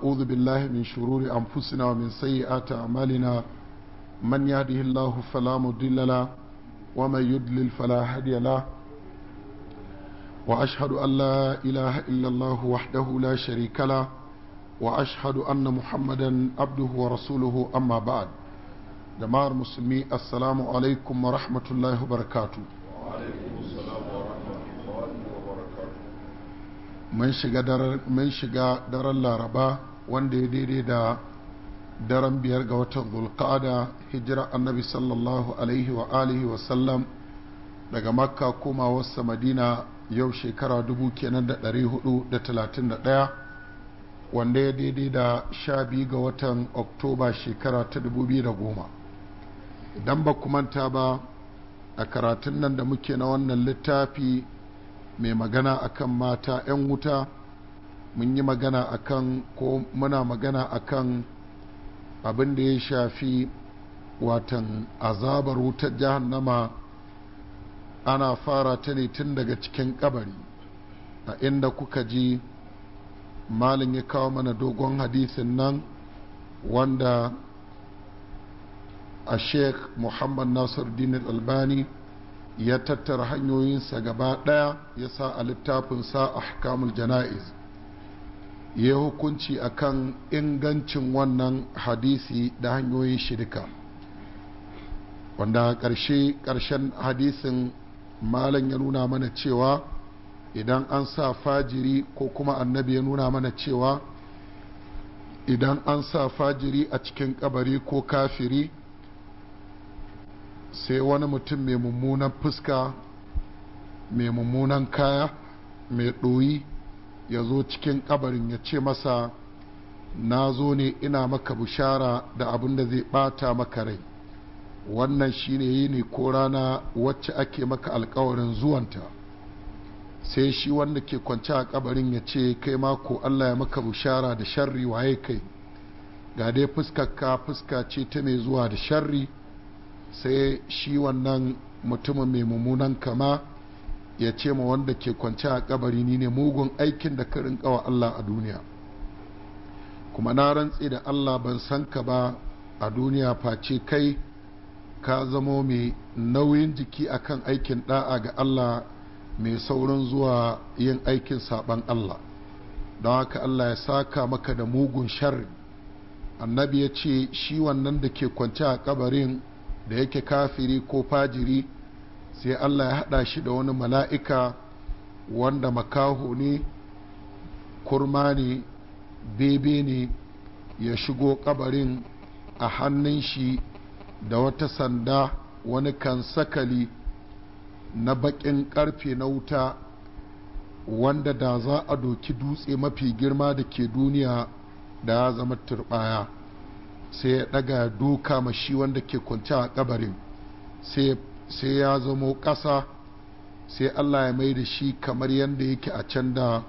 أعوذ بالله من شرور أنفسنا ومن سيئات أعمالنا من يهده الله فلا مضل له ومن يضلل فلا هادي له وأشهد أن لا إله إلا الله وحده لا شريك له وأشهد أن محمدا عبده ورسوله أما بعد السلام عليكم ورحمة الله وبركاته alaikum wa rahmatullahi barakatu mun shiga daren laraba wanda ya daidai da daren biyar ga watan zulqa'ada hijira annabi sallallahu alaihi wa alihi wa sallam daga makka koma wasa madina yau shekara dubu kenan da ɗari hudu da talatin da ɗaya wanda ya daidai da sha biyu ga watan oktoba shekara ta dubu biyu da goma idan ba manta ba a karatun nan da muke na wannan littafi mai magana akan mata 'yan wuta mun yi magana a kan ko muna magana a kan abin da ya shafi watan azabar wutar jahannama ana fara ta ne tun daga cikin kabari a inda kuka ji malin ya kawo mana dogon hadisin nan wanda a sheikh muhammad nasir dinar albani ya tattara hanyoyinsa gaba ɗaya ya sa a littafinsa a hakamul jana'iz ya hukunci akan ingancin wannan hadisi da hanyoyin shirka wanda ƙarshe ƙarshen hadisin malam ya nuna mana cewa idan an sa fajiri ko kuma annabi ya nuna mana cewa idan an sa fajiri a cikin kabari ko kafiri sai wani mutum mai mummunan fuska mai mummunan kaya mai ɗoyi ya zo cikin kabarin ya ce masa na zo ne ina maka bushara da abin da zai bata maka rai wannan shi ne yi ne ko rana wacce ake maka alkawarin zuwanta sai shi wanda ke kwance a kabarin ya ce kai mako allah ya maka bushara da sharri waye kai ga dai fuskarka fuska ce ta mai zuwa da sharri sai shi wannan mutumin mai mummunan kama ya ce ma wanda ke kwance a kabari ni ne mugun aikin da ka rinkawa Allah a duniya kuma na rantse da Allah ban san ka ba a duniya face kai ka zamo mai nauyin jiki akan aikin da'a ga Allah mai saurin zuwa yin aikin saban Allah don haka Allah ya saka maka da mugun sharri annabi ya ce shi wannan da ke kwance a kabarin da yake kafiri ko fajiri sai Allah ya haɗa shi da wani mala'ika wanda makaho ne kurma ne bebe ne ya shigo kabarin a hannun shi da wata sanda wani kan sakali na bakin ƙarfe na wuta wanda da za a doki dutse mafi girma da ke duniya da ya zama turbaya sai ya ɗaga doka mashi wanda ke kwanci a kabarin sai ya sai ya zamo ƙasa sai Allah ya mai da shi kamar yadda yake a can da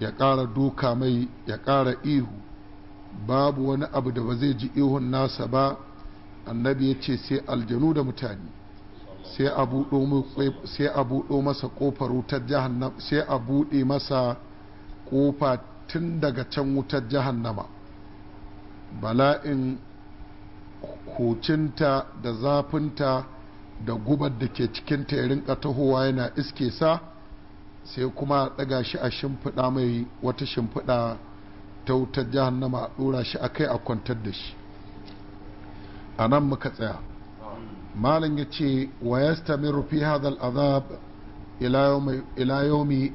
ya ƙara duka mai ya ƙara ihu babu wani abu da ba zai ji ihun nasa ba annabi ya ce sai aljanu da mutane sai a buɗo masa ƙofar wutar jahannama sai a buɗe masa ƙofa tun daga can wutar jahannama bala'in hucinta da zafinta da gubar da ke cikin ta rinka tahowa yana iske sa sai kuma daga shi a shimfiɗa mai wata shimfiɗa ta wutar jahannama a ɗora shi a kai a kwantar da shi a nan muka tsaya malam ya ce wa ya stamiru rufi hadal azab ila a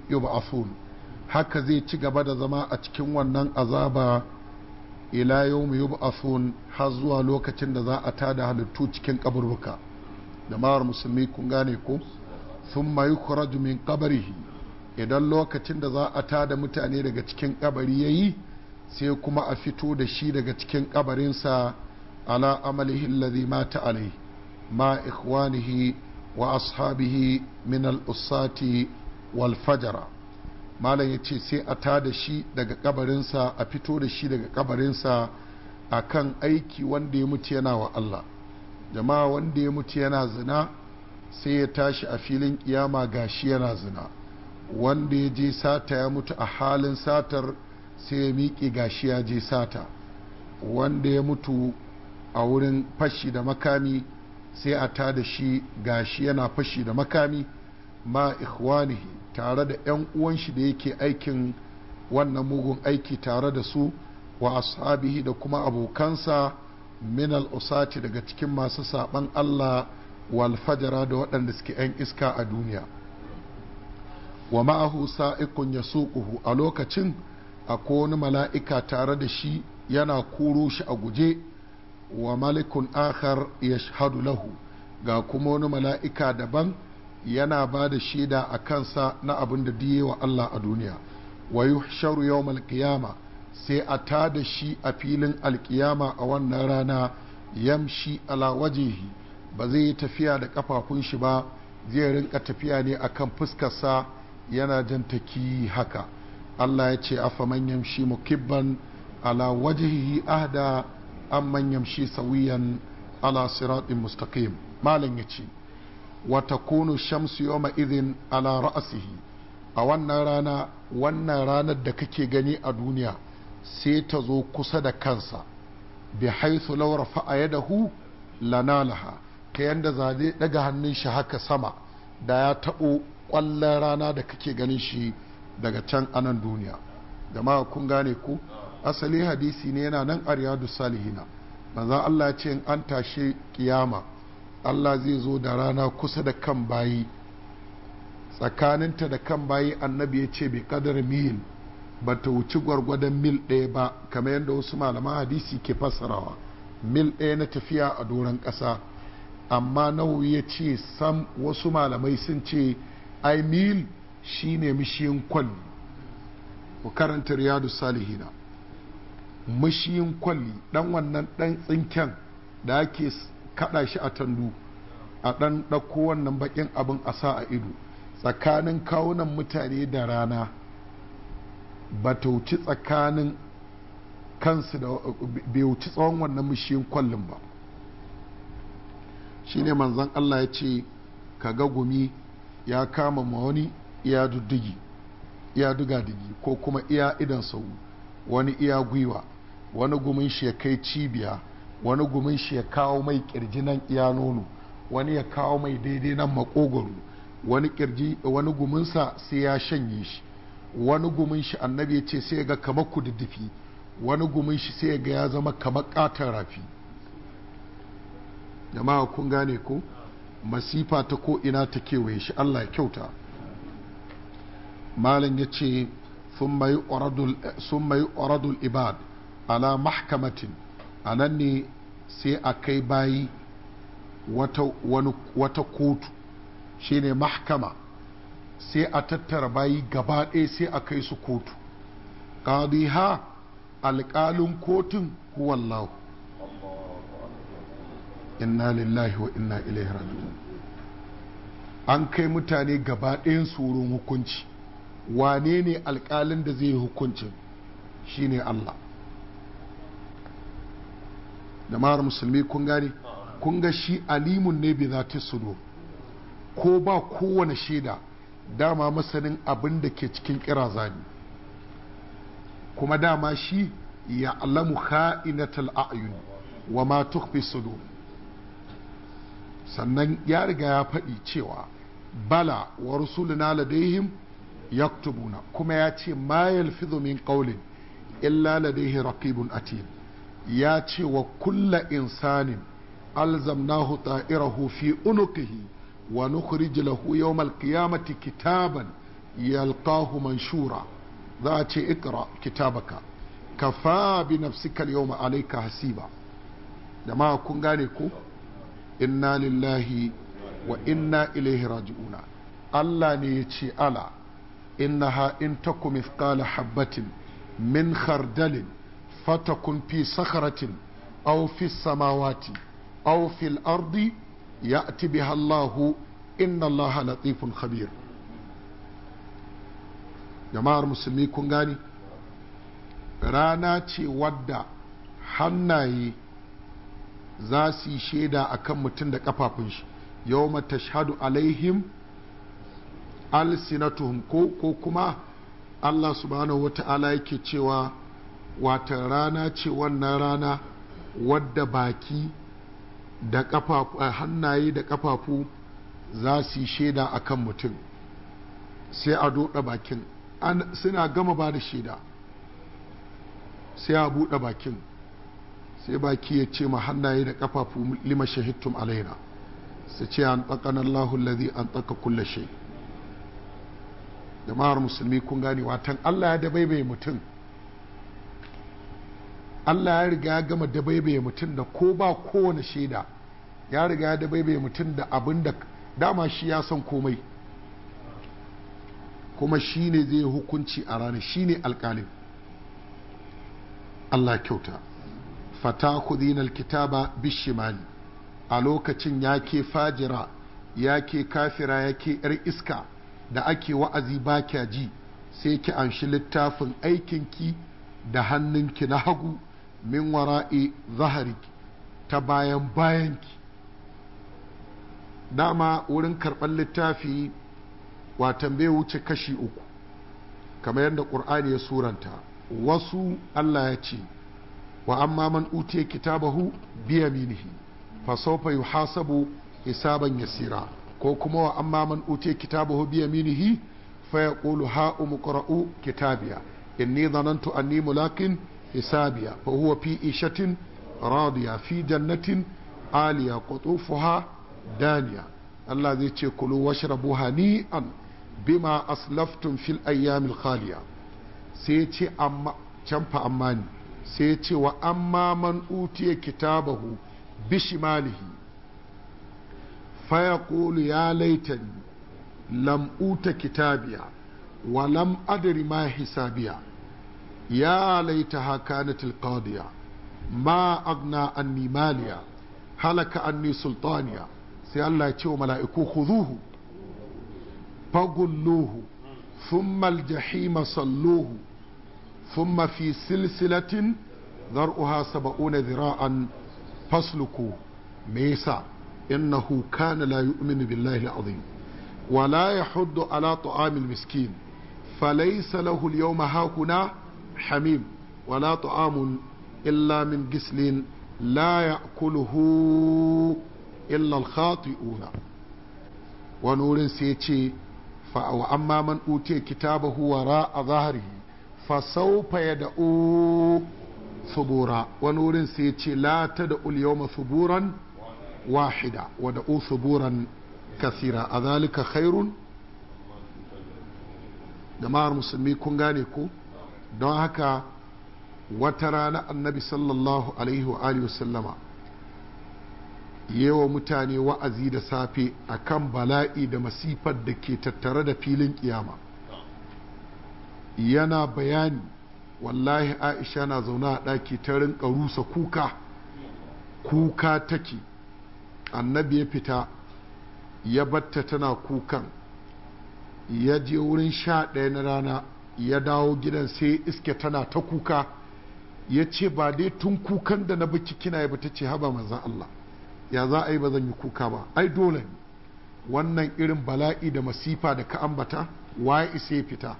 yub'athun haka zai ci gaba da zama a cikin wannan azaba ila yub'athun har zuwa lokacin da za a tada halittu cikin kaburbuka jama'ar musulmi kun gane ko thumma yukhraju min kabari idan lokacin da za a tada mutane daga cikin kabari yi sai kuma a fito da shi daga cikin kabarinsa ala amalihi alladhi mata alai ma ikhwanihi wa ashabihi min al'usati wal fajara malam ya ce sai a ta da shi daga kabarinsa a fito da shi daga kabarinsa kan aiki wanda ya mutu yana wa Allah jama'a wanda ya mutu yana zina sai ya tashi a filin kiyama gashi yana zina wanda ya je sata ya mutu a halin satar sai ya miƙe gashi ya je sata wanda ya mutu a wurin fashi da makami sai a ta da shi gashi yana fashi da makami ma ikhwanihi tare da 'yan uwan shi da yake aikin wannan mugun aiki tare da su wa ashabihi da kuma abokansa min al'usati daga cikin masu saɓan Allah wal fajara da waɗanda suke 'yan iska a duniya wa ma'ahu sa'ikun ya suƙuhu a lokacin a wani mala'ika tare da shi yana koro shi a guje wa malikun akhar ya shahadu lahu ga kuma wani mala'ika daban yana ba da shaida a kansa na abin da diye wa Allah a duniya wa yuhsharu yawmal qiyamah sai a ta da shi a filin alkiyama a wannan rana yamshi ala wajihi ba zai yi tafiya da kafafun shi ba zai rinka tafiya ne a kan fuskarsa yana jan taki haka Allah ya ce afaman yamshi mukibban ala wajihi ahda an amman yamshi sauyan ala siratin mustaqim malam ya ce wata takunu shamsu yoma izin ala ra'asihi a wannan rana wannan ranar da kake gani a duniya sai ta zo kusa da kansa bi haithu law rafa'a yadahu lanalaha ta yanda zai daga hannun shi haka sama da ya taɓo ƙwallon rana da kake ganin shi daga can anan duniya jama'a kun gane ku asali hadisi ne yana nan a salihina manzan Allah ya ce in an tashi kiyama Allah zai zo da rana kusa da kan bayi tsakaninta da kan bayi annabi ya ce bai kadar mil ba ta wuci gwargwadon mil ɗaya ba kamar yadda wasu malaman hadisi ke fassarawa mil ɗaya na tafiya a doron ƙasa amma nawawi ya ce sam wasu malamai sun ce ai mil ne mishiyin kwalli ku karanta riyadu salihina mishiyin kwalli ɗan wannan ɗan tsinken da ake kaɗa shi a tandu a ɗan ɗauko wannan bakin abin a sa a ido tsakanin kawunan mutane da rana batauci tsakanin kansu da wuci tsawon wannan mashiyin kwallon ba shi ne manzan Allah ya ce kaga gumi ya kama ma wani iya duddigi iya dugadigi ko kuma iya idan sau wani iya gwiwa wani gumin shi ya kai cibiya wani gumin shi ya kawo mai kirji nan iya nono wani ya kawo mai daidai nan makogoro wani kirji wani guminsa sai ya shanye shi wani gumin shi annabi ya ce sai ga kamar kududdufi wani gumin shi sai ga ya zama kamar katon rafi jama'a kun gane ko masifa ta ko ina ta kewaye shi Allah ya kyauta malam ya ce sun mai oradul ibad ala mahkamatin a nan ne sai a kai bayi wata kotu shine mahkama sai a tattara bayi gaba ɗaya sai a kai su kotu ƙadiha alƙalin kotun huwallahu inna lillahi wa inna ilaihi raji'un an kai mutane gaba ɗayan tsoron hukunci wane ne alƙalin da zai yi hukuncin shine Allah da mara musulmi kun gane kun ga shi alimun ne bi za ta ko ba kowane shaida dama masanin abin da ke cikin kira ne kuma dama shi ya alamu kha'inatal a'yun wa ma tukfi sudur sannan ya riga ya faɗi cewa bala wa rusuluna ladaihim yaktubuna kuma ya ce ma yalfidhu min qawlin illa ladaihi raqibun atid ya ce wa kulla insanin alzamnahu ta'irahu fi unukihi wa nukhrij lahu yawmal qiyamati kitaban yalqahu manshura za a ce ikra kitabaka kafa bi nafsika yawma alaika hasiba da jama'a kun gane ko inna lillahi wa inna ilaihi raji'una Allah ne ya ce ala innaha in taku mithqala habbatin min khardalin fatakun fi sakharatin aw fi samawati au fil ardi ya'ti biha Allahu inna Allah latifun khabir jama'ar musulmi kun gani rana ce wadda hannaye za su yi shaida a kan mutum da kafafun shi yau shahadu alaihim alsinatuhum ko ko kuma Allah subhanahu wata'ala yake cewa wata rana ce wannan rana wadda baki da eh, hannaye da ƙafafu za su yi shaida a kan mutum sai a doɗa bakin suna gama ba da shaida sai a buɗe bakin sai baki ya ce ma hannaye da ƙafafu lima shahittum alaina su ce an tsakan Allahu lazi an tsaka kulle shi jama'ar musulmi kun gane watan Allah ya dabaibaye mutum Allah ya riga ya gama dabaibaye mutum da ko ba kowane shaida ya riga ya dabaibaye mutum da abin da dama shi ya san komai kuma shi ne zai hukunci a ranar shi ne alkalin Allah kyauta fata kudinar kitaba bishimani a lokacin ya ke fajira ya ke kafira ya ke yar iska da ake wa'azi ba kya ji sai ki anshi littafin aikinki da hannunki na hagu min wara'i zahariki ta bayan bayanki dama wurin karɓar littafi watan bai wuce kashi uku kamar yadda ƙur'ani ya suranta wasu Allah ya ce wa amma man utiya kitabahu biya minihi yi hasabu hisaban yasira ko kuma wa amma man utiya kitabahu biya minihi fa yaqulu ha umqra'u kitabiya inni dhanantu anni mulakin hisabiya fa huwa fi ishatin fi jannatin aliya qutufuha daniya Allah zai ce kulu washrabu hani'an fil ayyamil khaliya sai sai ya ce wa kitabahu bishimalihi fa ya laitani lam kitabiya wa ma hisabiya ya haka na tilkadiya. ma agna anni maliya halaka anni sultaniya sai Allah ya ce wa mala'iku khuduhu fagulluhu thumma aljahima salluhu thumma fi silsilatin zar'uha saba'una zira'an fasluku me yasa innahu kana la yu'minu billahi al'azim wa la yahuddu ala ta'amil miskin Falaisa lahu al-yawma hakuna hamim wala ta'amun illa gislin la ya'kuluhu ce wa amma man utiya kitabahu wara a zaharihi ya ce la tad'u al wahida kasira a zalika jama'ar musulmi kun gane ko don haka wata rana annabi sallallahu alaihi wa sallama yewa mutane wa'azi da safe a kan bala'i da masifar da ke tattare da filin kiyama yana bayani wallahi aisha na zaune a ɗaki ta rinƙa rusa kuka kuka take annabi ya fita ya batta tana kukan ya je wurin sha ɗaya na rana ya dawo gidan sai iske tana ta kuka ya ce ba dai tun kukan da na bi kina ya ta ce haba manzan Allah ya za a yi ba zan yi kuka ba ai dole ne wannan irin bala'i da masifa da ka ambata waye isa ya fita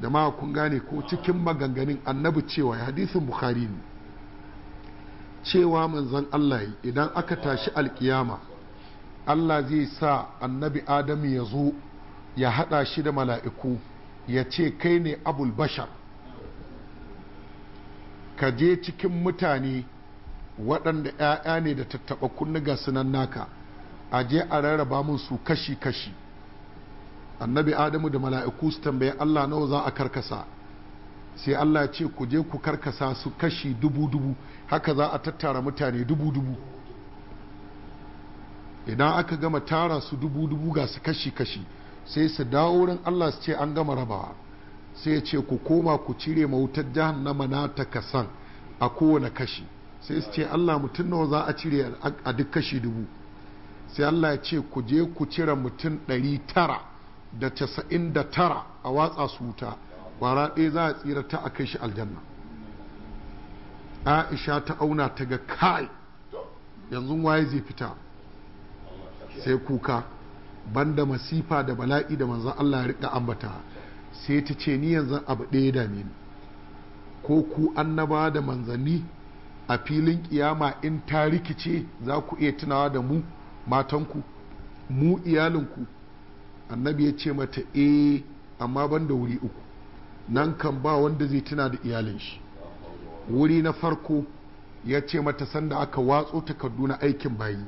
da ma kun gane ko cikin maganganun annabi cewa ya hadisin bukhari ne cewa manzan Allah idan aka tashi alkiyama Allah zai sa annabi Adamu ya zo ya haɗa shi da mala'iku ya ce kai ne abul bashar ka je cikin mutane waɗanda 'ya'ya ne da tattaɓa kunni ga sunan naka a je a rarraba mun su kashi-kashi annabi adamu da mala'iku su tambaye allah nawa za a karkasa sai allah ce ku je ku karkasa su kashi dubu-dubu haka za a tattara mutane dubu-dubu idan aka gama tara su dubu-dubu ga su kashi-kashi sai su dawo wurin Allah su ce an gama rabawa sai ya ce ku koma ku cire mautar jihar na ta kasan a kowane kashi sai su ce Allah mutum nawa za a cire a duk kashi dubu sai Allah ya ce ku je ku cire mutum ɗari tara da casa'in da tara a watsa su wuta kwara ɗaya za a tsira ta a kai shi aljanna aisha ta auna ta ga kai yanzu waye zai fita sai kuka banda masifa da bala'i da manzan Allah ya rika ambata sai ta ce ni yanzu abu ɗaya da ni ko ku annaba da manzanni a filin kiyama in ta rikice za ku iya tunawa da mu matanku mu iyalinku annabi ya ce mata e amma ban da wuri uku nan kan ba wanda zai tuna da iyalin shi wuri na farko ya ce mata sanda aka watso takardu na aikin bayi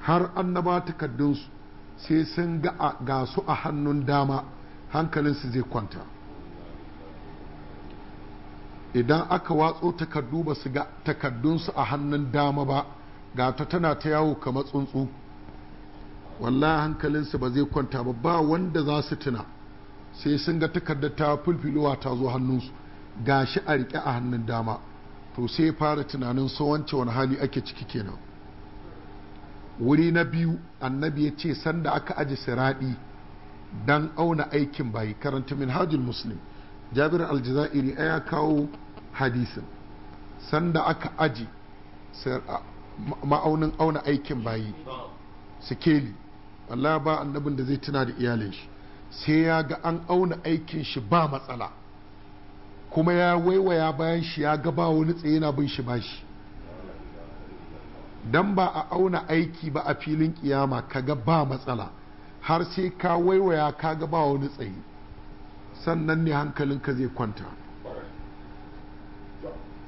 har annaba takardunsu sai sun ga su a hannun dama hankalinsu zai kwanta idan aka watso takardu ba su ga takardunsu a hannun dama ba ga ta tana ta yawo kamar tsuntsu wallahi hankalinsu ba zai kwanta ba ba wanda za su tuna sai sun ga takardar ta fulfilowa ta zo hannunsu ga shi a riƙe a hannun dama to sai fara tunanin so wance wani hali ake ciki kenan wuri na biyu annabi ya ce sanda aka aji siraɗi dan auna aikin bayi karanta min hajjul muslim jabir aljazairi ya kawo hadisin sanda aka aji ma'aunin auna aikin bayi sikeli Allah ba annabin da zai tuna da iyalin shi sai ya ga an auna aikin shi ba matsala kuma ya waiwaya bayan shi ya ga ba wani tsaye na bin shi bashi dan ba a auna aiki ba a filin kiyama kaga ba matsala har sai ka waiwaya kaga ba wani tsayi sannan ne ka zai kwanta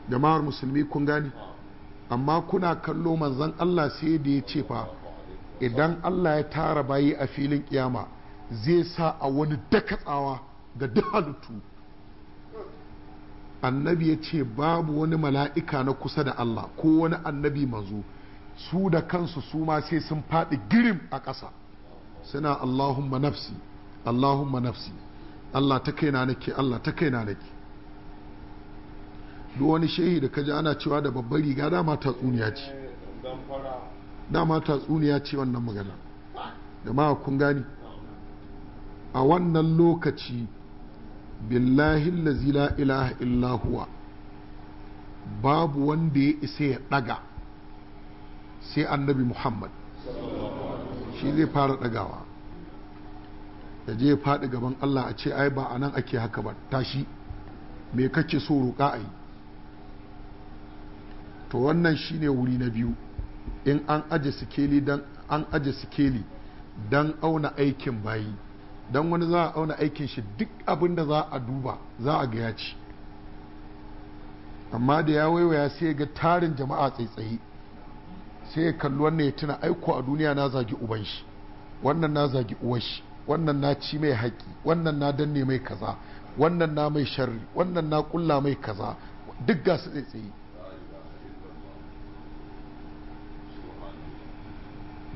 jama'ar musulmi kun gani amma kuna kallo manzon Allah sai da ya ce fa idan Allah ya tara bayi a filin kiyama zai sa a wani dakatsawa ga duk halittu annabi ya ce babu wani mala'ika na kusa da Allah ko wani annabi manzo su da kansu su ma sai sun faɗi girim a ƙasa suna allahumma nafsi allahumma nafsi allah ta kaina nake allah ta kaina nake duk wani shehi da kaji ana cewa da babbar riga dama tatsuniya ce dama tatsuniya ce wannan magana da ma kun gani a wannan lokaci billahi lazi la ilaha illahuwa, babu wanda ya isa ya ɗaga sai annabi muhammad shi zai fara ɗagawa ya je faɗi gaban allah a ce ai ba a nan ake haka ba tashi mai kake so roƙa a yi to wannan shi ne wuri na biyu in an aje sikeli don aje sikeli auna aikin bayi don wani za a auna aikin shi duk abin da za a duba za a ga ya ci amma da ya waiwaya sai ga tarin jama'a tsaitsaye sai ya kalli wannan ya tuna aiko a duniya na zagi uban shi wannan na zagi uwan shi wannan na ci mai haƙi wannan na danne mai kaza wannan na mai sharri wannan na kulla mai kaza duk ga su tsaye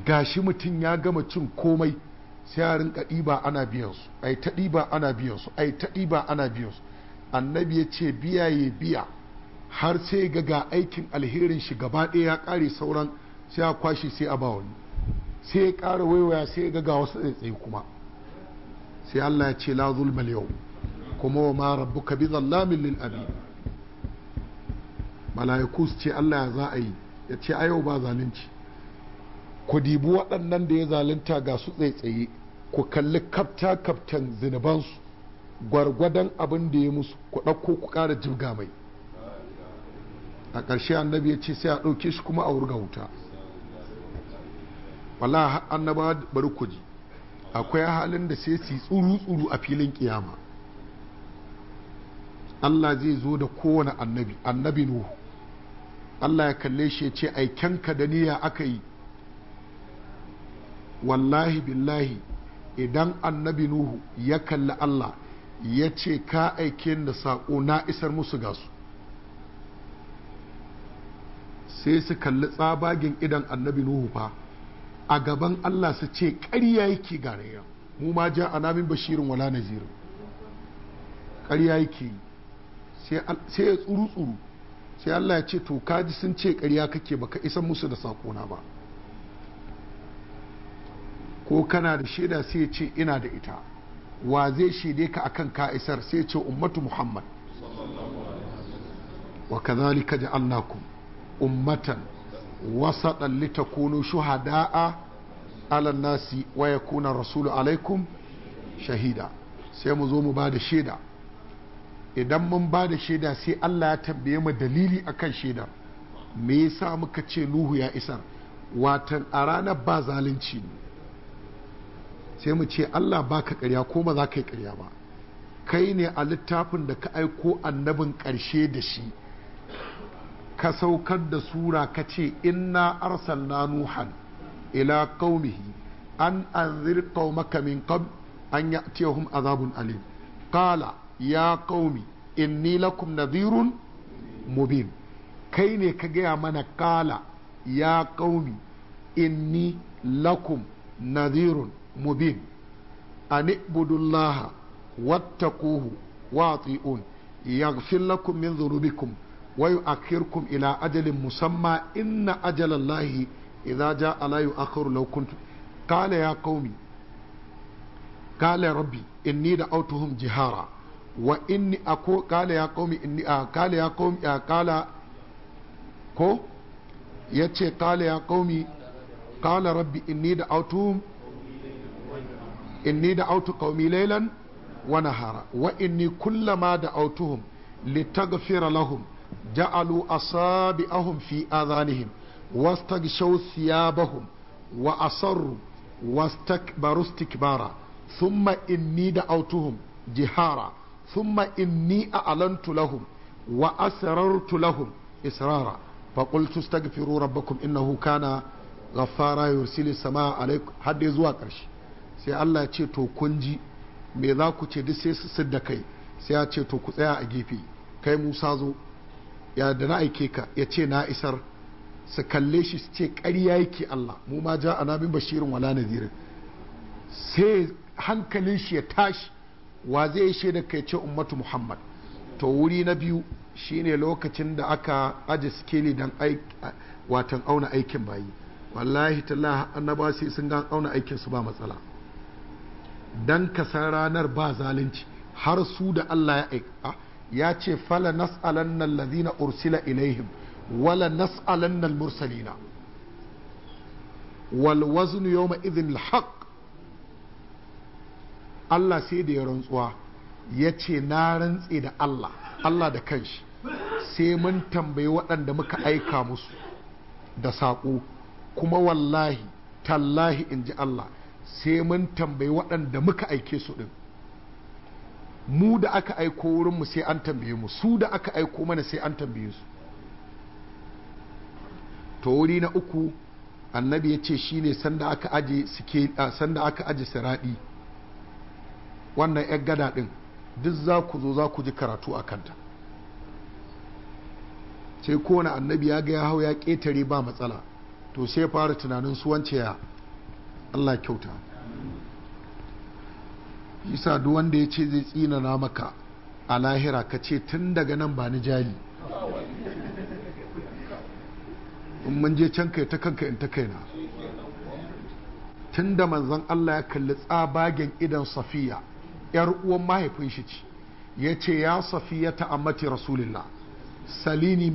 gashi mutum ya gama cin komai sai ya rinka ɗiba ana biyansu ai ta ɗiba ana biyansu ai ta ɗiba ana biyansu annabi ya ce biya ya biya har sai ga ga aikin alherin shi gaba ɗaya ya ƙare sauran sai a kwashi sai a ba wani sai ya kara waiwaya sai ya ga wasu tsaye kuma sai Allah ya ce la zulma yau kuma wa ma ka bi zallamin lil abi malaiku su ce Allah ya za a yi ya ce a yau ba zalunci ku dibi waɗannan da ya zalunta ga su tsaye ku kalli kafta kaftan zinubansu gwargwadon abin da ya musu ku ɗauko ku ƙara jibga mai a ƙarshe annabi ya ce sai a ɗauke shi kuma a wurga wuta Wala annaba bari ku ji akwai halin da sai su tsuru tsuru a filin kiyama Allah zai zo da kowane annabi annabi nuhu Allah ya kalle shi ya ce kanka da niyya aka yi wallahi billahi idan annabi nuhu ya kalli Allah ya ce ka aike da saƙo na isar musu ga su sai su kalli tsabagen idan annabi nuhu fa a gaban Allah su ce ƙarya yake garayya mu ma ja a namin bashirin wala nazirin ƙarya yake sai ya tsuru-tsuru sai Allah ya ce to kaji sun ce ƙarya kake ka isan musu da saƙona ba ko kana da shaida sai ya ce ina da ita wa zai shaide ka akan ka isar sai ya ce ummatu muhammad wa kazalika ja'alnakum ummatan wasaɗan litakunu shuhada'a alan nasi waya ya kuna rasulu alaikum shahida sai mu zo mu ba da shaida idan mun ba da shaida sai Allah ya tambaye mu dalili akan shaida me yasa muka ce Nuhu ya isar watan a ranar ba zalunci ne sai mu ce Allah baka ƙarya ko ba za ka yi karya ba kai ne a littafin da ka aiko annabin ƙarshe da shi ka saukar da sura ka ce inna arsalna nuhan ila qaumihi an anzir qaumaka min qabl an ya'tiyahum azabun alim qala ya qaumi inni lakum nadhirun mubin kai ne ka gaya mana kala ya in inni lakum nadhirun mubin an ibudullaha wattaquhu wa ati'un yaghfir lakum min dhunubikum wa yu'akhirkum ila ajalin musamma inna ajalallahi idza jaa la yu'akhiru law kuntum qala ya qaumi qala rabbi inni da'awtuhum jihara wa inni aku qala ya qaumi inni qala ya qaumi qala ko yace qala ya qaumi qala rabbi inni da'awtuhum inni da'awtu qaumi laylan wa nahara wa inni kullama da'awtuhum litaghfira lahum ja'alu asabi'ahum fi adhanihim wastaghshaw thiyabahum wa asarru wastakbaru istikbara thumma inni da'awtuhum jihara thumma a a'lantu lahum wa asrartu lahum israra فقلت استغفروا ربكم إنه كان غفارا يرسل السماء عليكم حد zuwa ƙarshe sai Allah ya ce to kunji me za ku ce duk sai su sidda kai sai ya ce to ku tsaya a gefe kai Musa zo ya da na aike ka ya ce na isar su kalle shi su ce ƙarya yake Allah mu ma ja ana bin bashirin wala nadirin sai hankalin shi ya tashi wa zai shaida kai ce ummatu Muhammad to wuri na biyu shine lokacin da aka aje sikeli dan watan auna aikin bayi wallahi tallahi annaba sai sun ga auna aikin su ba matsala dan ka san ranar ba zalunci har su da Allah ya aika ya ce fala nas'alanna allazina ursila ilaihim wala nas'alanna al-mursalina wal wazn yawma idhin alhaq Allah sai da ya rantsuwa ya ce na rantse da Allah Allah da kanshi sai mun tambayi waɗanda muka aika musu da saƙo kuma wallahi tallahi in ji Allah sai mun tambayi waɗanda muka aike su ɗin mu da aka aiko wurinmu sai an tambaye mu su da aka aiko mana sai an tambaye su to wuri na uku annabi ya ce shi ne sanda aka aji siraɗi wannan yar gada ɗin duk za ku zo za ku ji karatu a kanta sai kowane annabi ya ga ya hau ya ƙetare ba matsala to sai fara tunanin su wance ya Allah kyauta isa duk wanda ya ce zai tsinana maka a lahira ka ce tun daga nan ba ni jali in mun je can kai ta kanka in ta kaina tun da manzon Allah ya kalli tsabagen idan safiya yar uwan mahaifin shi ce ya ce ya safiya ta ammati rasulillah salini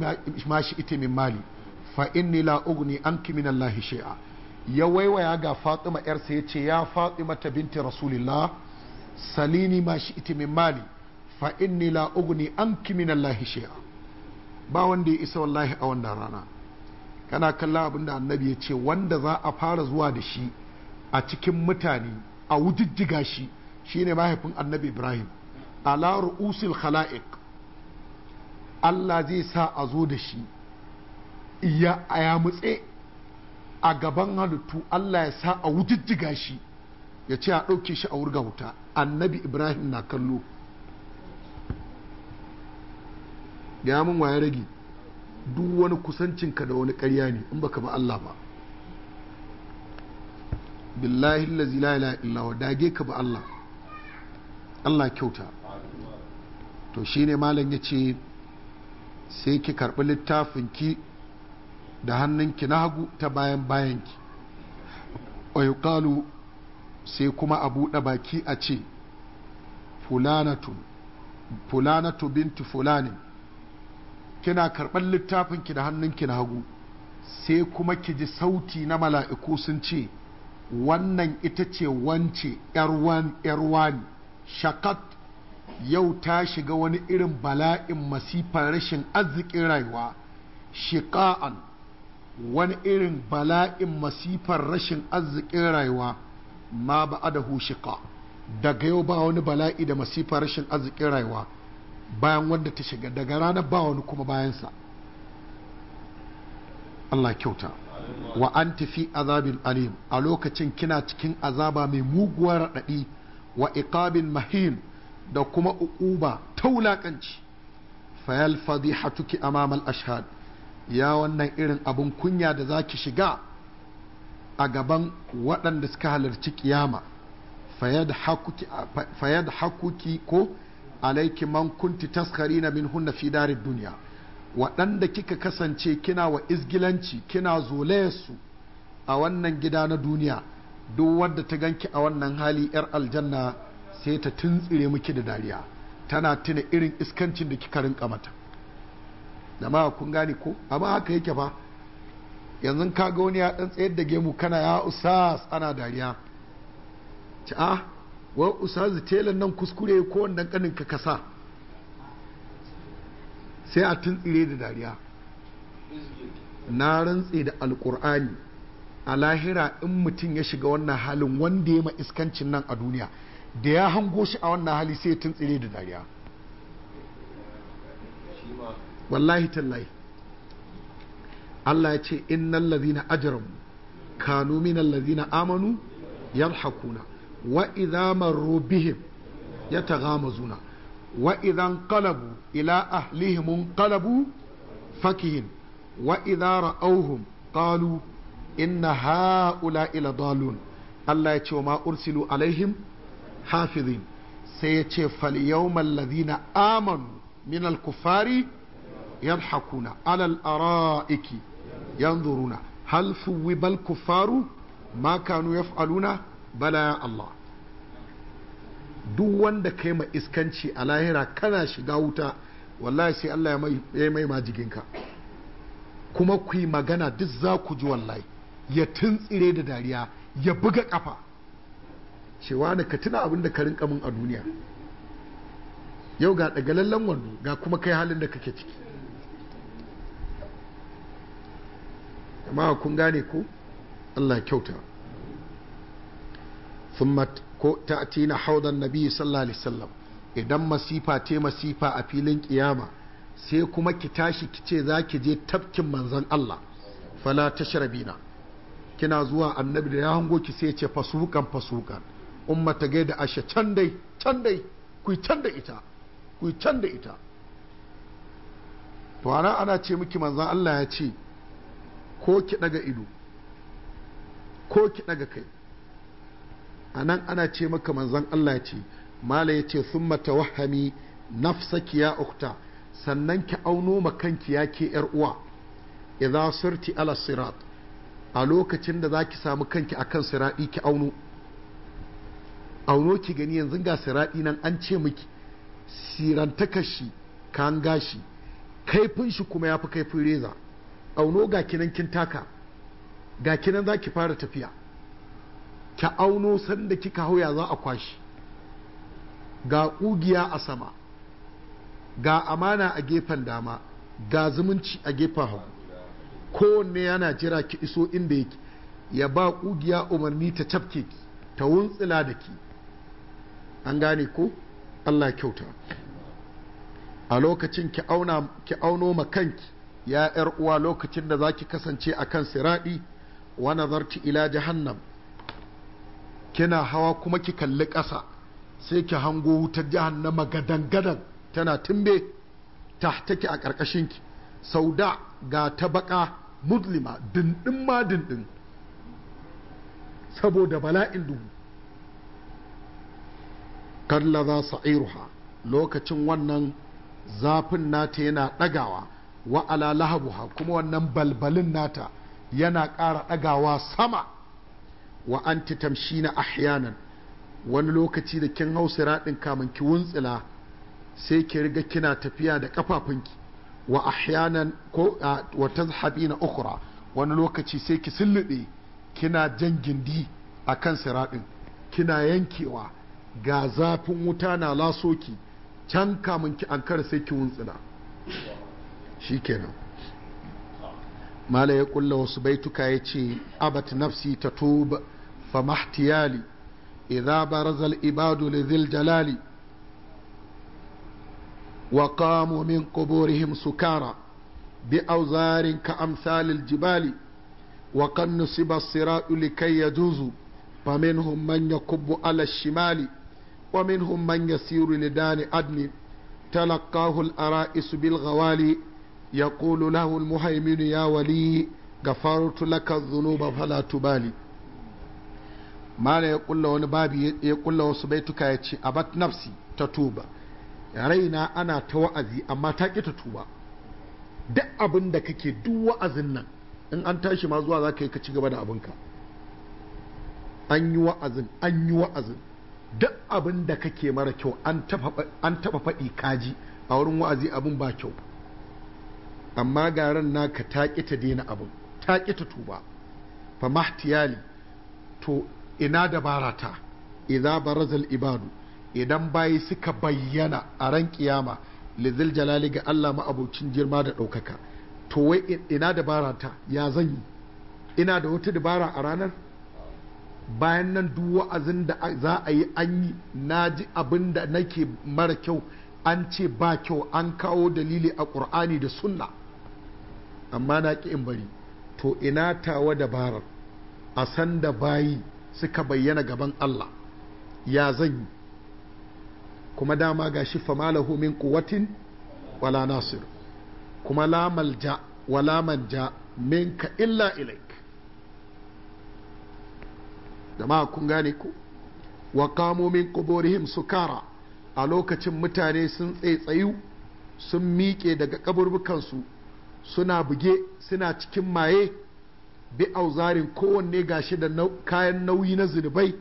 ma shi ita min mali fa inni la ugni anki min Allah shi'a ya waiwaya ga Fatima yarsa ya ce ya Fatima ta binti rasulillah salini ma shi ita min mali fa inni la ugni anki min Allahi shay'a ba wanda ya isa wallahi a wannan rana kana kalla abin da annabi ya ce wanda za a fara zuwa da shi a cikin mutane a wujijjiga shi shine mahaifin annabi Ibrahim ala ru'usil khala'iq Allah zai sa a zo da shi ya mutse a gaban halittu Allah ya sa a wujijjiga shi ya ce a ɗauke shi a wurga wuta annabi ibrahim na kallo ya mun waye rage duk wani kusancinka da wani karya ne in baka ba Allah ba billahi lazi la ilaha illa wa dage ka ba Allah Allah kyauta to shine malam yace sai ki karbi littafin ki da hannunki na hagu ta bayan bayan ki wa yuqalu sai kuma a buɗe baki a ce fulanatu bintu fulani kina karɓar littafinki da hannunki na hagu sai kuma ki ji sauti na mala'iku sun ce wannan ita ce wance wani. shakat yau ta shiga wani irin bala'in masifar rashin arzikin rayuwa shiƙa'an wani irin bala'in masifar rashin arzikin rayuwa ma ba ba'adahu shiqa daga yau ba wani bala'i da masifa rashin arzikin rayuwa bayan wanda ta shiga daga ranar ba wani kuma bayansa Allah kyauta wa an tafi azabin alim a lokacin kina cikin azaba mai muguwar raɗaɗi wa iqabin mahin da kuma uquba ta wulaƙanci fayal hatuki amamal Ashad ya wannan irin abin kunya da zaki shiga a gaban waɗanda suka halarci kiyama fayad hakuki ko alaiki man kunti taskari na min hunna fi darin duniya waɗanda kika kasance kina wa izgilanci kina zolayarsu a wannan gida na duniya duk wadda ta ganki a wannan hali yar aljanna sai ta tuntsire miki da dariya tana tuna irin iskancin da kika rinka mata jama'a kun gane ko amma haka yake ba. yanzu kaga ga wani ya dan tsayar da gemu kana ya usas ana dariya ci a ah, wani usas telan nan kuskure ko wannan kanin ka kasa sai a tuntsire da dariya na rantse da alkur'ani a lahira in mutum ya shiga wannan halin wanda ya ma iskancin nan a duniya da ya hango shi a wannan hali sai ya tuntsire da dariya wallahi tallahi Allah ya ce innal ladhina ajramu kanu minal ladhina amanu hakuna wa ya ta gama yataghamazuna wa idan kalabu ila ahlihim kalabu fakihin wa idza ra'awhum qalu inna haula ila dalun Allah ya ce wa ma ursilu alaihim hafizin sai ya ce falyawmal ladhina amanu minal kuffari hakuna alal ara'iki yanzuruna hal suwibal kuffaru ma kanu yaf'aluna bala ya Allah duk wanda kai ma iskanci a lahira kana shiga wuta wallahi sai Allah ya mai majiginka kuma ku yi magana duk za ku ji wallahi ya tuntsire da dariya ya buga kafa cewa da ka tuna abin da ka rinka min a duniya yau ga ɗagalallen wando ga kuma kai halin da kake ciki amma kun gane ko Allah kyauta thumma ko ta'tina haudan nabi sallallahu alaihi wasallam idan masifa te masifa a filin kiyama sai kuma ki tashi ki ce za ki je tafkin manzon Allah fala tashrabina kina zuwa annabi da ya hango ki sai ya ce fasukan fasukan umma ta gaida Asha can dai can dai ku can da ita ku can da ita to ana ce miki manzon Allah ya ce ko ki daga ido ko ki daga kai a ana ce maka manzon Allah ce mala ya ce sun matawahami nafsaki ya ukta sannan ki auno makanki ya ke yar uwa idza surti ala sirat a lokacin da zaki samu kanki akan siradi ki auno auno ki gani yanzu ga siradi nan an ce miki sirantaka shi kan gashi kaifin shi kuma ya fi kaifin reza auno ga kinan kin taka ga kinan za ki fara tafiya ki auno sanda kika hauya za a kwashi ga ƙugiya a sama ga amana a gefen dama ga zumunci a gefen hagu kowanne yana jira ki iso inda yake ya ba ƙugiya umarni ta cafke ki ta wuntsila da ki an gane ko allah kyauta a lokacin ki auno makanki ya ‘yar uwa lokacin da za ki kasance a kan siraɗi wa nazarci ila jahannam kina hawa kuma ki kalli ƙasa sai ki hango wutar jahannama gadan-gadan tana tumbe take a ƙarƙashin ƙarƙashinki da ga ta baƙa muslima dindin ma dindin saboda bala'in duhu kalla za sa'iruha lokacin wannan zafin nata yana ɗagawa wa ala lahabuha kuma wannan balbalin nata yana ƙara ɗagawa sama wa antitamshi na ahyanan wani lokaci da kin hau siraɗin kamun ki wuntsila sai ki riga kina tafiya da ƙafafunki wa ahyanan ko wa na ukura wani lokaci sai ki sulluɗe kina jan gindi a kan siraɗin kina yankewa ga zafin wuta na lasoki can kamun ki ankara sai ki wuntsila shikenan mala ya kulla wasu baituka ya ce abat nafsi ta tuba fa mahtiyali idza barazal ibadu li dhil jalali wa qamu min quburihim sukara bi awzarin ka amsalil jibali wa qad nusiba as-siratu likay yajuzu فمنهم shimali يكب على الشمال ومنهم من يسير لدان عدن تلقاه الأرائس بالغوالي يقول له المهيمن يا ولي غفرت لك الذنوب فلا تبالي mala ya kulla wani babi ya kulla wasu baituka ya ce abat nafsi ta tuba raina ana ta wa'azi amma ta ki ta tuba duk abin da kake duk wa'azin nan in an tashi ma zuwa za ka yi ka ci gaba da abinka an yi wa'azin an yi wa'azin duk abin da kake mara kyau an taɓa faɗi kaji a wurin wa'azi abin ba kyau amma ga ran naka ta ƙi ta daina abin ta ƙi ta tuba fa mahtiyali to ina dabara ta idza barazal ibadu idan bayi suka bayyana a ran kiyama lizil jalali ga Allah ma'abocin girma da ɗaukaka to wai ina dabara ta ya zan yi ina da wata dabara a ranar bayan nan duk wa'azin da za a yi an yi na ji abin da nake mara kyau an ce ba kyau an kawo dalili a ƙur'ani da sunna amma na ƙi in bari to ina tawa dabarar a san da bayi suka bayyana gaban Allah ya zan yi kuma dama ga shi famalahu min kuwatin wala nasir kuma la malja wala manja minka illa ilaik jama'a kun gane ku wa kamo min kuburihim sukara a lokacin mutane sun tsaitsayu sun miƙe daga kaburbukansu suna buge suna cikin maye bi auzarin kowanne gashi da kayan nauyi na zunubai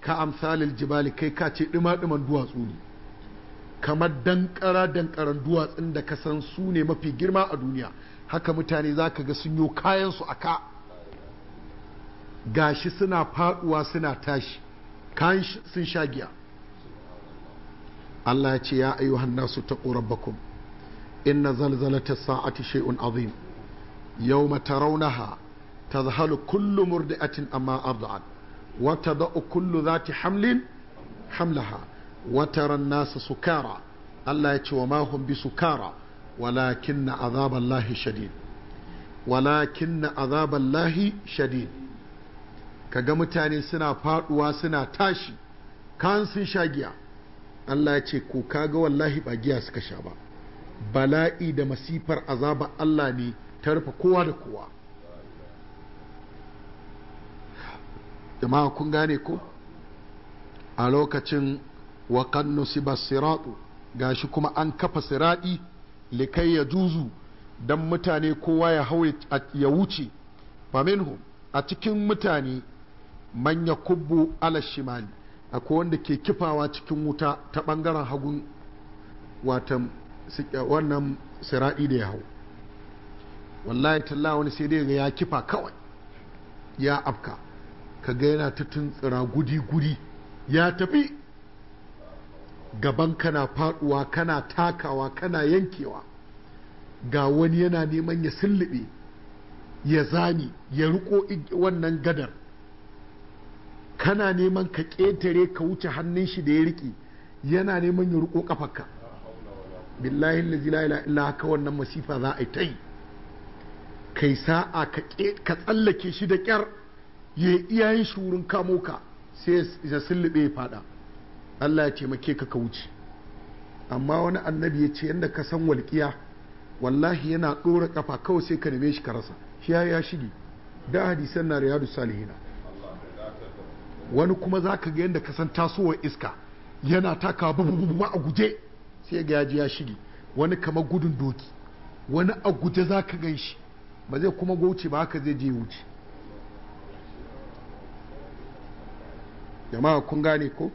ka amsalil jibali kai ka ce ɗima-ɗiman duwatsu ne kamar dankara dankaran duwatsun da ka san su ne mafi girma a duniya haka mutane za ka ga sun yo kayansu a ka gashi suna faɗuwa suna tashi kayan sun sha giya Allah ya ce ya ayyuhan nasu ta rabbakum In na inna zalzalata sa'ati shay'un azim yawma tarawnaha tadhhalu kullu murdi'atin amma ard'at wa tad'u kullu dhati hamlin hamlaha wata tara an-nasa sukara Allah ya ce wa mahum bi sukara ولكن عذاب الله شديد ولكن عذاب الله شديد kaga mutane suna faduwa suna tashi kan sun sha giya Allah yace ce ku kaga wallahi ba giya suka sha ba bala'i da masifar azabar Allah ne ta rufe kowa da kowa jama'a kun gane ko a lokacin waƙannu kan siratu gashi kuma an kafa siradi likai ya juzu don mutane kowa ya hau ya wuce faminhu a cikin mutane manya kubbu ala shimali akwai wanda ke kifawa cikin wuta ta ɓangaren hagun watan wannan siraɗi da ya hau wallahi talla wani sai dai ga ya kifa kawai ya afka ka ga yana ta tuntsira gudi-gudi ya tafi gaban kana faduwa kana takawa kana yankewa ga wani yana neman ya sullube ya zani ya riko wannan gadar kana neman ka ƙetare ka wuce hannun shi da ya riƙe yana neman ya riko ƙafarka billahi la ilaha illa haka wannan masifa za a yi ta yi kai sa'a ka tsallake shi da kyar ya iyayen shi wurin kamo ka sai ya sullube ya fada Allah ya taimake ka ka wuce amma wani annabi ya ce yadda ka san walƙiya wallahi yana ɗora kafa kawai sai ka neme shi ka rasa shi ya shige da hadisan na riyadu salihina wani kuma za ka ga yadda ka san tasowar iska yana taka babu a guje sai ga yaji ya shige wani kamar gudun doki wani a guje za ka gan shi ba zai kuma gauce ba haka zai je wuce jama'a kun gane ko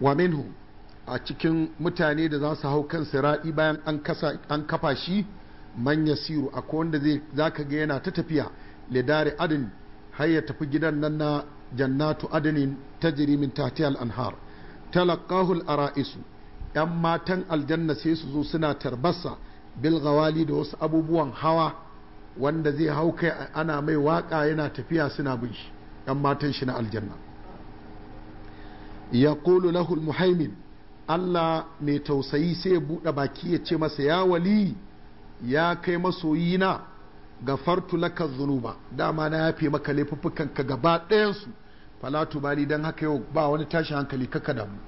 wa minhu a cikin mutane da za su hau kan sira'i bayan an kafa shi man yasiru akwai wanda zai zaka ga yana ta tafiya lidari adin har ya tafi gidan nan na jannatu adinin ta jirimin tahti al-anhar talakahul araisu 'yan matan aljanna sai su zo suna tarbasa bilgawali da wasu abubuwan hawa wanda zai hau kai ana mai waka yana tafiya suna bin shi 'yan matan shi na aljanna ya lahul muhaimin Allah mai tausayi sai ya buɗe baki ya ce masa ya wali ya kai masoyina gafartu laka zunuba dama na yafe maka ka gaba ɗayansu falatu bali don haka yau ba wani tashi hankali kaka damu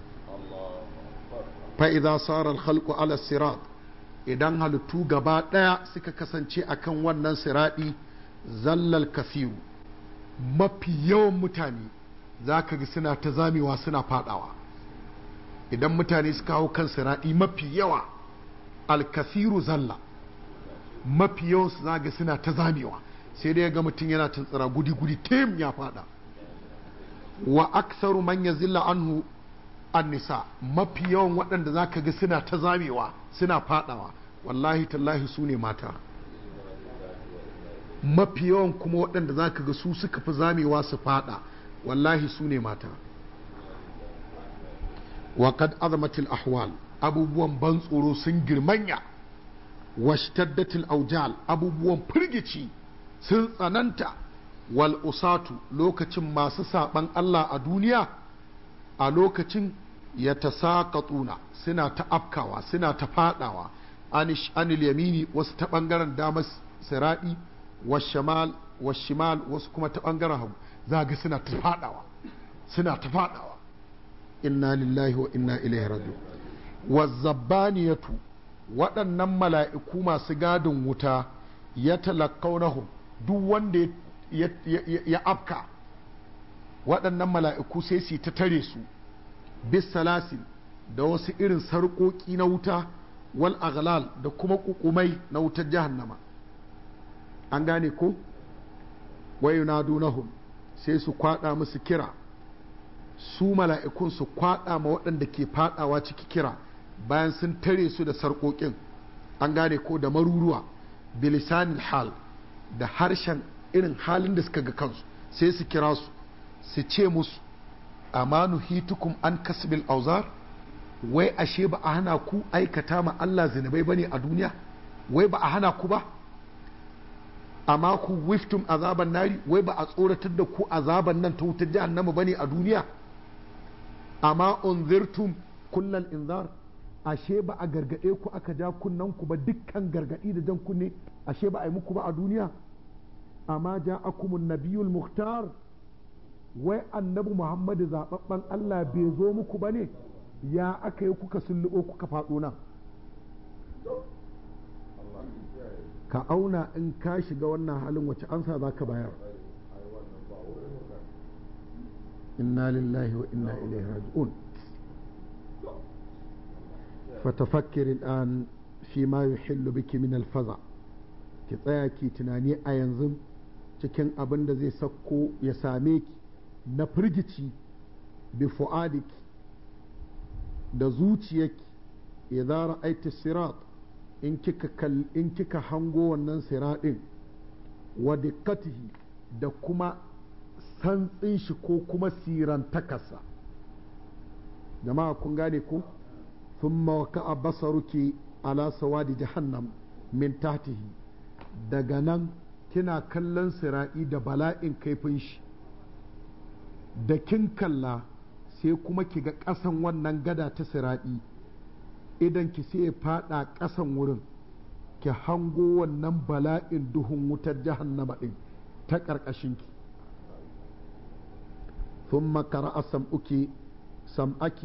Fa'iza idza sara al ala sirat idan halittu gaba ɗaya suka kasance akan wannan siradi zallal kasiru mafi yawan mutane za ka ga suna ta zamewa suna fadawa idan mutane suka hau kan siradi mafi yawa Alkasiru zalla mafi yawan su ga suna ta zamewa sai dai ga mutum yana tantsara gudi gudi tem ya fada wa aksaru manya zilla anhu annisa mafi yawan waɗanda za ka ga suna ta zamewa suna fadawa wallahi tallahi su ne mata mafi yawan kuma waɗanda za ka ga su suka fi zamewa su fada wallahi su ne mata waƙad azamatil ahwal abubuwan ban tsoro sun girmanya washtaddatil aujal abubuwan firgici sun tsananta wal usatu lokacin masu saɓan Allah a duniya a lokacin ya tsuna suna ta afkawa suna ta fadawa anil yamini wasu ta bangaren damar siradi wa shimal wasu kuma ta bangaren hagu za ga suna ta fadawa suna ta fadawa inna lillahi wa inna ilaihi raji'un wazzabaniyatu waɗannan mala'iku masu gadin wuta ya talakkaunahum duk wanda ya afka waɗannan mala'iku sai su ta tare su bisalasi da wasu irin sarƙoƙi na wuta wal aghlal da kuma kukumai na wutar jahannama an gane ko na dunahum sai su kwada musu kira su mala'ikun su kwaɗa ma waɗanda ke faɗawa ciki kira bayan sun tare su da sarƙoƙin an gane ko da maruruwa bilisanil hal da harshen irin halin da suka ga kansu sai su kira su su ce musu amanu hitukum an kasbil auzar wai ashe ba a hana ku aikata ma Allah zinabai bane a duniya wai ba a hana ku ba amma ku wiftum azaban nari wai ba a tsoratar da ku azaban nan ta wutar jahannama bane a duniya amma unzirtum kullal inzar ashe ba a gargade ku aka ja kunnan ku ba dukkan gargadi da jan kunne ashe ba a yi muku ba a duniya amma ja akumun nabiyul muhtar wai annabi muhammadu zaɓaɓɓen allah bai zo muku ba ne ya aka yi kuka sulluɓo kuka faɗo nan ka auna in ka shiga wannan halin wace ansa za ka bayar inna lillahi wa inna ilaihi raji'un فتفكر ma فيما يحل biki min alfaza ki tsaya ki tunani a yanzu cikin abin da zai sakko ya same ki na firgici bi da zuciyarki idza ra'aiti sirat in kika in kika hango wannan siratin wa dikkatihi da kuma santsin shi ko kuma sirantakarsa jama'a kun gane ko thumma waka'a basaruki ala sawadi jahannam min tahtihi daga nan kina kallon sira'i da bala'in kaifin shi da kin kalla sai kuma ki ga ƙasan wannan gada ta siraɗi idan ki sai faɗa ƙasan wurin ki hango wannan bala'in duhun wutar jahannama ɗin ta ƙarƙashin ki ثم قرأ سمعك سمعك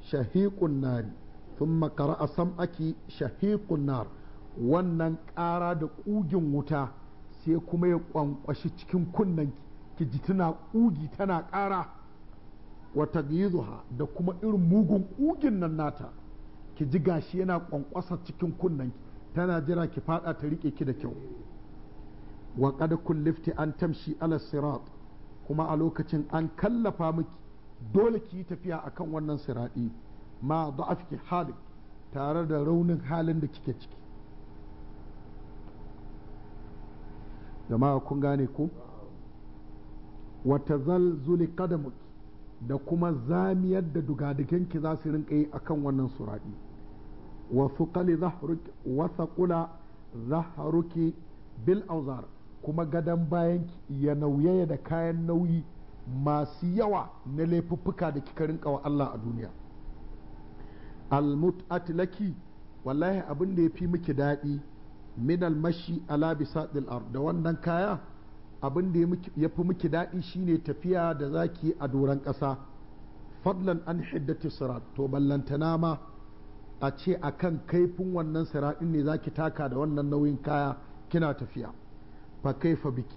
شهيق النار ثم قرأ سمعك شهيق النار wannan ƙara da ƙugin wuta sai kuma ya ƙwanƙwashi cikin kunnanki ki ji tana ƙugi tana ƙara wa tagyizuha da kuma irin mugun ƙugin nan nata ki ji gashi yana ƙwanƙwasa cikin kunnen tana jira ki fada ta riƙe ki da kyau wa kun lifti an tamshi ala sirat kuma a lokacin an kallafa miki dole ki yi tafiya akan wannan siradi ma da'afki halik tare da raunin halin da kike ciki jama'a kun gane ko wata zalzuli kadamuk da kuma zamiyar da dugadiganki za su rinka yi a kan wannan suraɗi wasu kali wasa kula zaharuki bil auzar kuma gadon bayan ya nauyaya da kayan nauyi masu yawa na laifuffuka da kika rinka wa Allah a duniya almut atlaki wallahi abin da ya fi miki daɗi min almashi ala bisadil ar da wannan kaya abin da ya fi miki daɗi shine tafiya da zaki a doron ƙasa fadlan an hiddati sirat to ballantana ma a ce a kan kaifin wannan siraɗin ne zaki taka da wannan nauyin kaya kina tafiya fa kaifa biki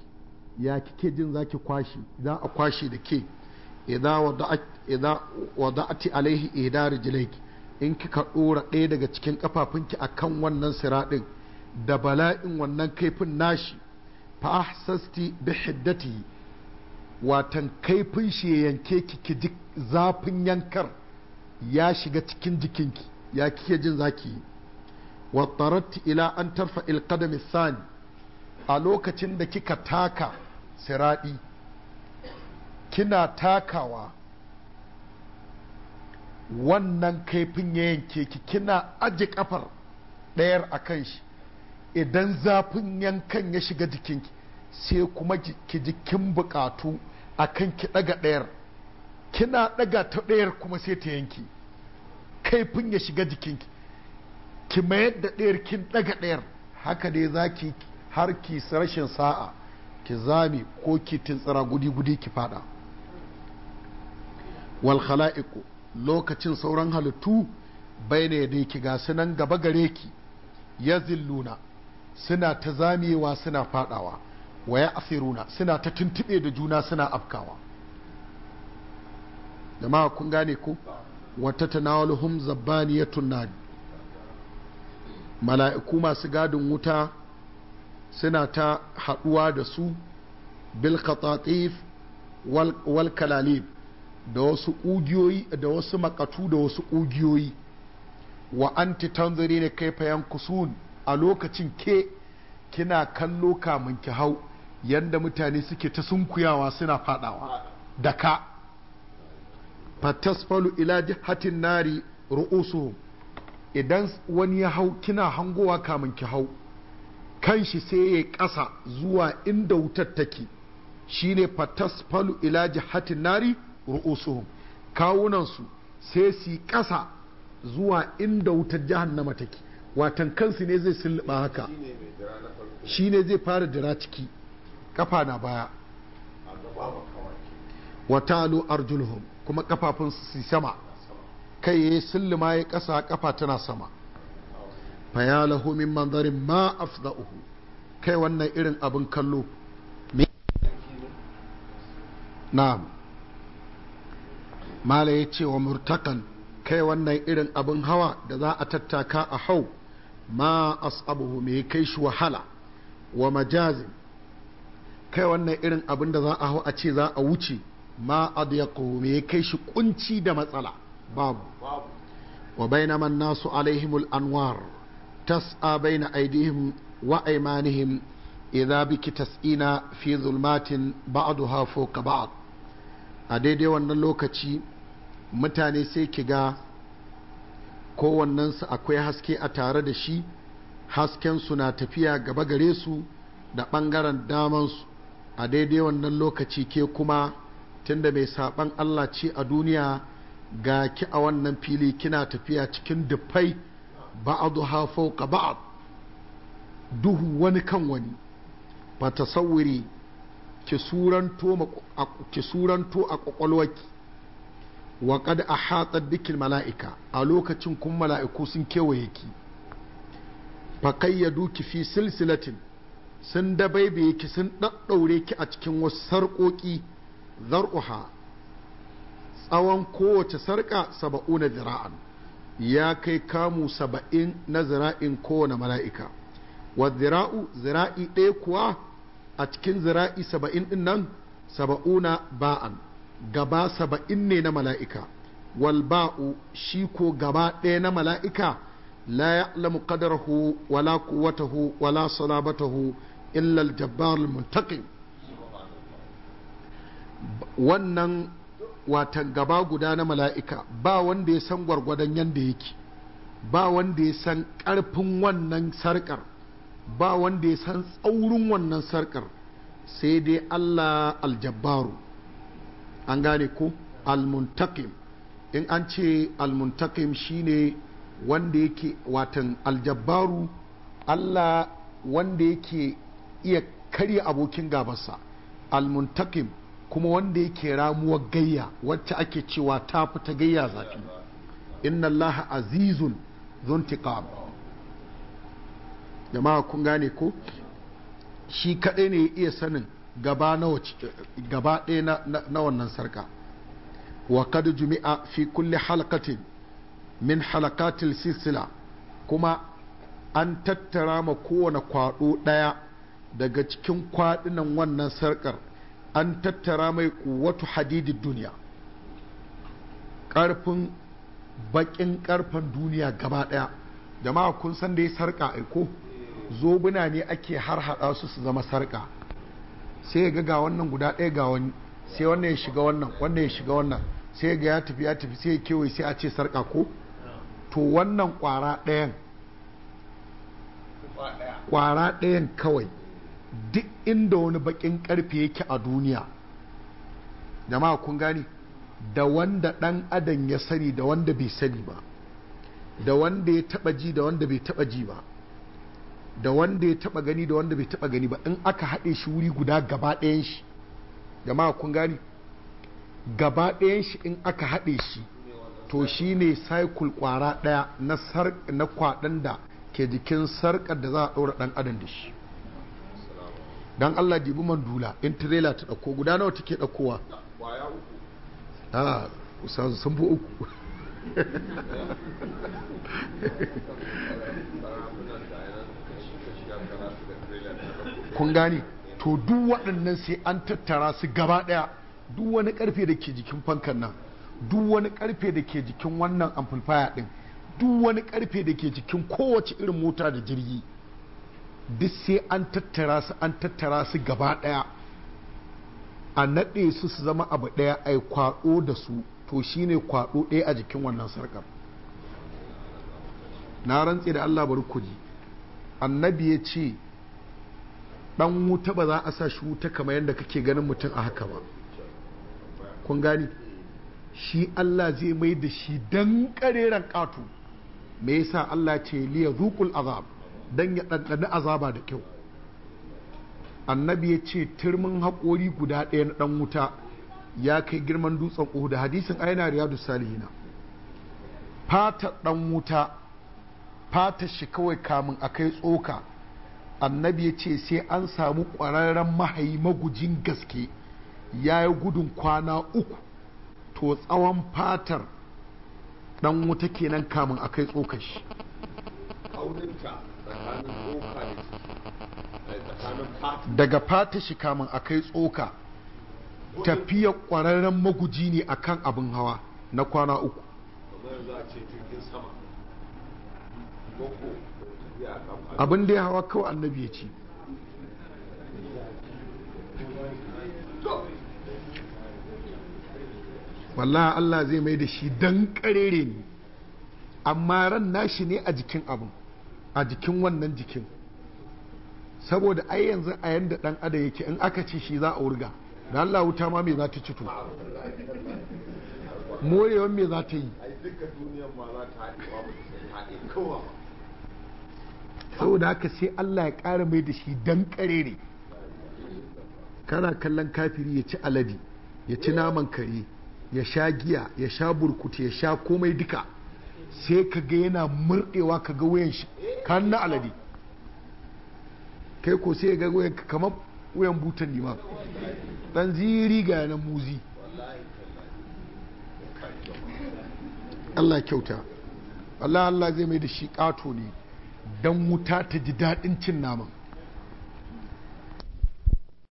ya kike jin zaki kwashi Za a kwashi da ke idan wada'ati alaihi idar jilaiki in kika ɗora ɗaya daga cikin ƙafafunki akan wannan siraɗin da bala'in wannan kaifin nashi fahsasti bi hiddati watan kaifin shi ya yanke ki ki ji zafin yankar ya shiga cikin jikinki ya kike jin zaki wa taratti ila an tarfa il qadami a lokacin da kika taka siradi kina takawa wannan kaifin ya yanke ki kina aji kafar ɗayar a kan shi idan zafin yankan ya shiga jikinki sai kuma ki jikin bukatu kan ki ɗaga ɗayar kina ɗaga ta ɗayar kuma sai ta yanki kaifin ya shiga jikinki ki mayar da ɗayar kin ɗaga ɗayar haka dai za ki har ki rashin sa'a ki zami ko ki tuntsira gudi-gudi ki fada wal khala'iku lokacin sauran halittu bai ne dai ki gasu nan gaba gare ki ya zilluna suna ta zamewa suna fadawa waya asiruna suna ta tuntube da juna suna afkawa jama'a kun gane ku wata tanawaluhum zabbaniyatun nadi mala'iku masu gadin wuta suna ta haduwa da su bil khatatif wal, kalalib da wasu kugiyoyi da wasu makatu da wasu kugiyoyi wa anti tanzuri ne kaifa yankusun a lokacin ke kina kallo kamun ki hau yanda mutane suke ta sunkuyawa suna fadawa da ka fatasfalu ila jihatin nari ru'usuhum idan wani ya hau kina hangowa kamun ki hau kan shi sai ya kasa zuwa inda wutar take shine fatasfalu ila jihatin nari kawunan su sai su kasa zuwa inda wutar jahannama take watan kansu ne zai sulluɓa haka shi ne zai fara dira ciki kafa na baya wata alu arjulhum kuma kafafun su sama kai ya sulluma ya ƙasa kafa tana sama faya lahu min manzarin ma afda'uhu kai wannan irin abin kallo na'am mala ya ce wa murtakan kai wannan irin abin hawa da za a tattaka a hau ma as'abuhu me kai shi wahala wa majazi kai wannan irin abin da za a hau a ce za a wuce ma adyaquhu me kai shi kunci da matsala babu wa bainama nasu alaihimul anwar tas'a baina aidihim wa aymanihim idza biki tas'ina fi zulmatin ba'daha fawqa ba'd a daidai wannan lokaci mutane sai ki ga kowannensu akwai haske a tare da shi hasken su na tafiya gaba gare su da ɓangaren damansu a daidai wannan lokaci ke kuma tunda mai saɓan Allah ce a duniya ga ki a wannan fili kina tafiya cikin dufai ba'adu duha fauka ba'ad duhu wani kan wani ba ta ki suranto a kwakwalwaki wa qad ahata bikil mala'ika a lokacin kun mala'iku sun kewaye ki fa duki fi silsilatin sun dabaibaye ki sun daddaure ki a cikin wasu sarƙoƙi zar'uha tsawon kowace sarƙa saba'una zira'an ya kai kamu saba'in na zira'in kowane mala'ika wa zira'u zira'i ɗaya kuwa a cikin zira'i saba'in ɗin nan saba'una ba'an gaba saba'in ne na mala'ika walba'u shi ko gaba ɗaya na mala'ika la ya'lamu hu wala hu wala salabatahu illa al-jabbar muntaqim wannan watan gaba guda na mala'ika ba wanda ya san gwargwadon yanda yake ba wanda ya san ƙarfin wannan sarƙar ba wanda ya san tsaurin wannan sarƙar sai dai Allah aljabbaru an gane ko almuntakim in an ce almuntakim shine wanda yake watan aljabaru Allah wanda yake iya karya abokin gabarsa almuntakim kuma wanda yake ramuwar gayya wacce ake cewa ta fita gayya zafi inna Allah azizun zuntiqam jama'a kun gane ko shi kaɗai ne ya iya sanin gaba ɗaya na wannan sarka wa kad jumi'a fi kulli halakatin min halakatil silsila kuma an tattara ma kowane kwaɗo ɗaya daga cikin kwaɗinan wannan sarkar an tattara mai kuwatu hadidin duniya ƙarfin bakin ƙarfin duniya gaba ɗaya jama'a kun san ya sarka aiko zobuna ne ake har haɗa su su zama sarka sai ya ga ga wannan guda ɗaya ga wani sai wannan ya shiga wannan wannan ya shiga wannan sai ga ya tafi ya tafi sai ya kewaye sai a ce sarka ko to wannan kwara ɗayan kwara ɗayan kawai duk inda wani bakin karfe yake a duniya jama'a kun gani da wanda ɗan adam ya sani da wanda bai sani ba da wanda ya taba ji da wanda bai taba ji ba da wanda ya taba gani da wanda bai taba gani ba in aka haɗe shi wuri guda gaba ɗayan shi jama'a kun gani gaba ɗayan shi in aka haɗe shi to shi ne saikul ƙwara ɗaya na kwaɗan da ke jikin sarƙar da za a ɗora ɗan adam da shi don Allah jibi mandula in tirela ta ɗauko guda nawa take ɗaukowa a ah, sun fi uku kun gane to duk waɗannan sai an tattara su gaba ɗaya duk wani ƙarfe da ke jikin fankan nan duk wani ƙarfe da ke jikin wannan amfulfaya ɗin duk wani ƙarfe da ke jikin kowace irin mota da jirgi duk sai an tattara su an tattara su gaba ɗaya a naɗe su su zama abu ɗaya ai kwaɗo da su to shine kwaɗo ɗaya a jikin wannan sarƙar na rantse da allah bari ku ji annabi ya ce dan wuta ba za a sa shi wuta kamar yadda kake ganin mutum a haka ba kun gani shi Allah zai mai da shi dan kareren ƙato me yasa Allah ce liya zuƙul azab dan ya ɗanɗani azaba da kyau annabi ya ce turmin haƙori guda ɗaya na ɗan wuta ya kai girman dutsen da hadisin ayana riyadu salihina fata ɗan wuta fata shi kawai kamun a kai tsoka annabi ya ce sai an samu ƙwararren mahayi magujin gaske ya yi gudun kwana uku to tsawon fatar dan wuta kenan kamun a kai tsokashi eh, daga fata shi kamun a kai tsoka tafiya ƙwararren maguji ne akan abin hawa na kwana uku abin da ya hawa kawai annabi ya ci wallahi Allah zai mai da shi dan karere ne amma ran nashi ne a jikin abin a jikin wannan jikin saboda ai yanzu a yanda dan ada yake in aka ci shi za a wurga da Allah wuta ma me za ta ci to morewan me za ta yi ai duniyar ma za ta haɗe ba saboda haka sai Allah ya ƙara mai da shi dan karere kana kallon kafiri ya ci alade ya ci naman kare ya sha giya ya sha burkutu ya sha komai duka sai ka ga yana murɗewa ka ga wayan shi kan na alade kai ko sai ga wayan ka kamar wayan butan liman dan ziri ga yana muzi Allah kyauta Allah Allah zai mai da shi ƙato ne don wuta ta ji daɗin cin naman